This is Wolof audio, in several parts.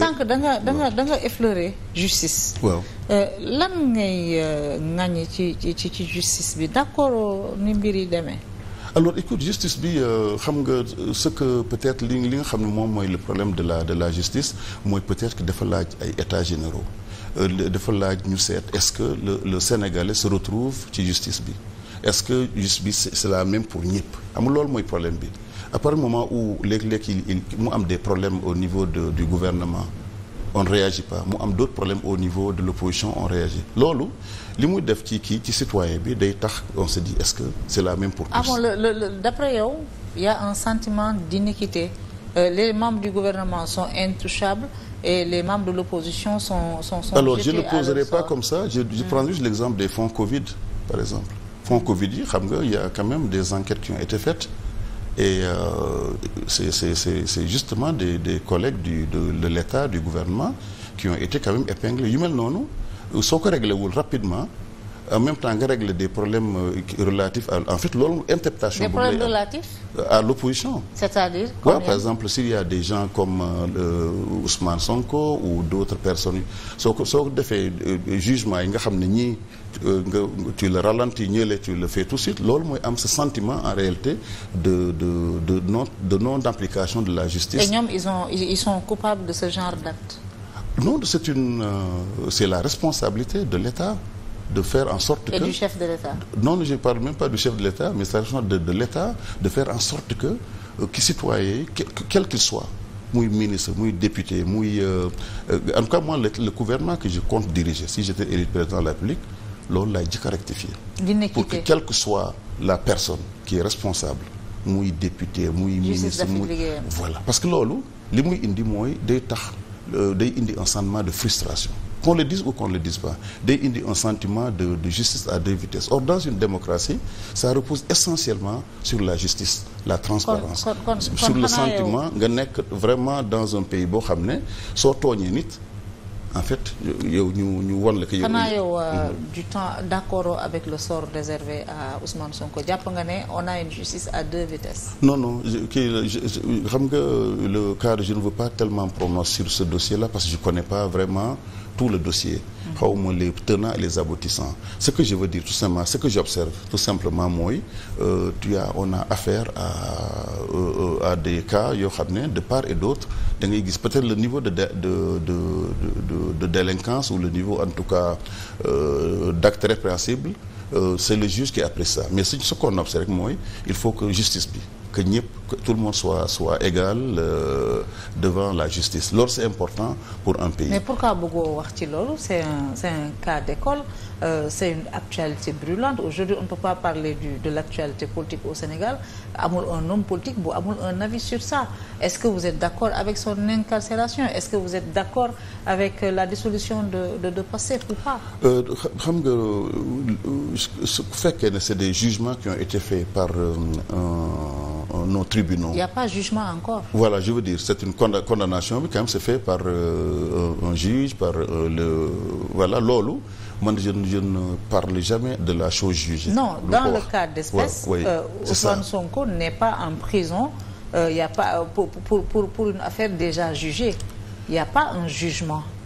sànq da nga da nga da nga effleurer justice. waaw euh, lan ngay euh, ŋàññi ci ci ci justice bi d'accord ni mbir yi demee. alors écoute justice bi euh, xam nga ce que peut-être li li nga xam ne moom mooy le problème de la de la justice mooy peut-être que dafa laaj ay états généraux dafa laaj ñu seet est-ce que le le Sénégalais se retrouve ci justice bi. est-ce que justice c'est la même pour ñëpp amul loolu mooy problème bi à partir du moment où léeg-léeg il mu am des problèmes au niveau de du gouvernement on ne réagit pas mu am d'autres problèmes au niveau de l'opposition on réagit loolu li muy def ci kii ci citoyen bi day tax on se dit est-ce que c'est la même pour tous. ah bon le le d'après yow il y a un sentiment d'iniquité euh, les membres du gouvernement sont intouchables et les membres de l'opposition sont sont comme ça je je prends hmm. juste l'exemple des fonds Covid par exemple. fonds Covid yi xam nga y' a des enquêtes qui ont été faites et euh, c'est c'est c'est c'est justement des des collègues du de de l'État du gouvernement qui ont été quand même épinglés yu mel noonu soo ko réglé wul rapidement en même temps nga régler des problèmes euh, relatifs à en fait loolu interprétation. des problèmes euh, à l'opposition c'est-à-dire par exemple s'il y a des gens comme euh, Ousmane Sonko ou d'autres personnes soo ko soo defee euh, jugement yi nga xam ne ñii nga tu le ralentis ñële tu le fais tout suite loolu mooy am ce sentiment en réalité de de de non de non d'application de la justice. et ñoom ils ont ils sont coupables de ce genre d'acte. non c'est une c'est la responsabilité de l'État. de faire en sorte Et que... Et du chef de l'État Non, je ne parle même pas du chef de l'État, mais s'agissant de, de l'État, de faire en sorte que, euh, qui citoyen, que, quel qu'il soit, muy ministre muy député muy euh, euh, en tout cas moi le, le gouvernement que je compte diriger si j'étais élu président de la République loolu laay jëkk a rectifier pour que quelle que soit la personne qui est responsable muy député muy ministre muy voilà parce que loolu li muy indi mooy day tax euh, day indi un sentiment de frustration qu'on le dise ou qu'on ne le dise pas day indi un sentiment de justice à deux vitesses or dans une démocratie ça repose essentiellement sur la justice la transparence sur le sentiment nga nekk vraiment dans un pays boo xam ne soo tooñee nit en fait yow ñu ñu won la yow. xanaa yow euh, mhm. temps d' avec le sort réservé à Ousmane Sonko jàpp nga ne on a une justice à deux vitesses. non non kii xam nga le cas je ne veux pas tellement prononcer sur ce dossier là parce que je connais pas vraiment tout le dossier. Mhm. xawma les tenants et les aboutissants ce que je veux dire tout simplement ce que j'observe tout simplement mooy euh, tu as on a affaire à. Euh, euh, à des cas yoo xam ne de part et d'autre da ngay gis peut-être le niveau de de de de de, de délinquance ou le niveau en tout cas euh, d'acte répréhensible euh, c'est le juge qui apprécie ça mais ce qu'on observe rek mooy il faut que justice bi que ñëpp que tout le monde soit soit égal euh, devant la justice loolu c'est important pour un pays. mais pourquoi bëggoo wax ci loolu c'est un c'est un cas d'école euh, c'est une actualité brûlante aujourd'hui on ne peut pas parler du de l'actualité politique au Sénégal amul un homme politique bu amul un avis sur ça est-ce que vous êtes d'accord avec son incarcération est-ce que vous êtes d'accord avec euh, la dissolution de de de Pastef ou pas. Euh, xam nga su euh, fekkee ne c'est des jugements qui ont par. nos tribunaux. Il n'y a pas de jugement encore. Voilà, je veux dire, c'est une condamnation, mais quand même, c'est fait par euh, un juge, par euh, le. Voilà, Lolo. Moi, je, je, ne parle jamais de la chose jugée. Non, le dans corps. le cas d'espèce, ouais, ouais, euh, Ousmane Sonko n'est pas en prison euh, y a pas, euh, pour, pour, pour, pour une affaire déjà jugée. Il n'y a pas un jugement.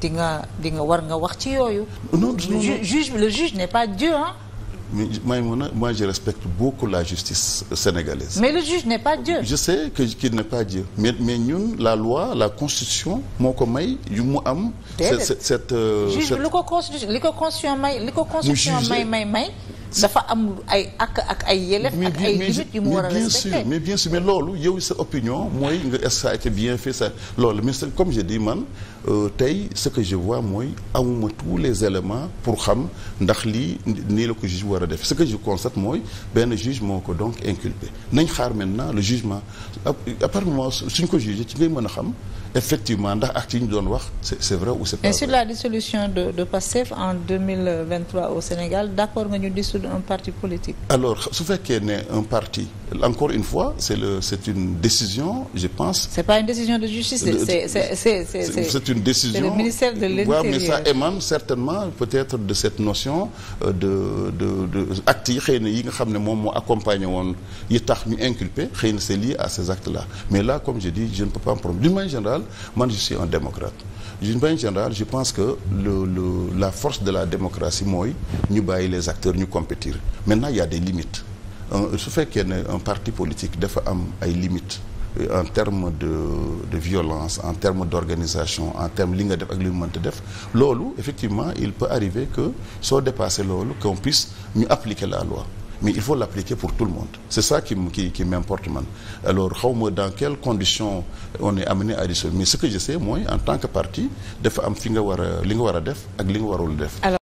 di nga di nga war nga wax ci yooyu. non juge le juge n'est pas Dieu hein. mais Maïmouna je respecte beaucoup la justice sénégalaise. mais le juge n'est pas Dieu. je sais que qu'il n'est pas Dieu mais mais ñun la loi la constitution moo ko may yu mu am. déedéet cette cette. Euh, juge bi lu ko constitution may li constitution may may. dafa am ay ak ak ay yelef ak ay limites yu mu war a respecter mais loolu yow sa mooy nga est ce que ça a été man euh, tey ce que mooy amuma tous les éléments pour xam ndax lii nii la ko juge war def ce que je mooy benn juge moo ko donc inculpé nañ xaar maintenant le jugement à part moment suñ ko jugé ci ngay mën a xam effectivement ndax acte yi ñu doon wax c'est vrai ou c'est pas vrai. mais sur la dissolution de de PASTEF en au Sénégal d'accord nga ñu statut d'un parti politique alors su fekkee ne un parti encore une fois c'est le c'est une décision je pense c'est pas une décision de justice c'est une décision c'est le ministère de mais ça émane certainement peut-être de cette notion euh, de de de actes yi xëy na yi nga xam ne moom moo accompagné woon yi tax ñu inculpé xëy na c'est lié à ces actes là mais là comme je dis je ne peux pas me prononcer d'une manière générale man je suis un démocrate d'une manière générale je pense que le le la force de la démocratie mooy ñu bàyyi les acteurs ñu compétir maintenant il y a des limites su fekkee ne un parti politique dafa am ay limites euh, en terme de de violence en termes d'organisation en termes li nga def ak li mu mënta def loolu effectivement il peut arriver que soo dépasser loolu qu'on puisse ñu appliquer la loi mais il faut l'appliquer pour tout le monde c'est ça qui qui qui m'importe man alors xaw ma dans quelles conditions on est amené à mais ce que je sais mooy en tant que parti dafa am fi nga war a li nga war a def ak li nga warul def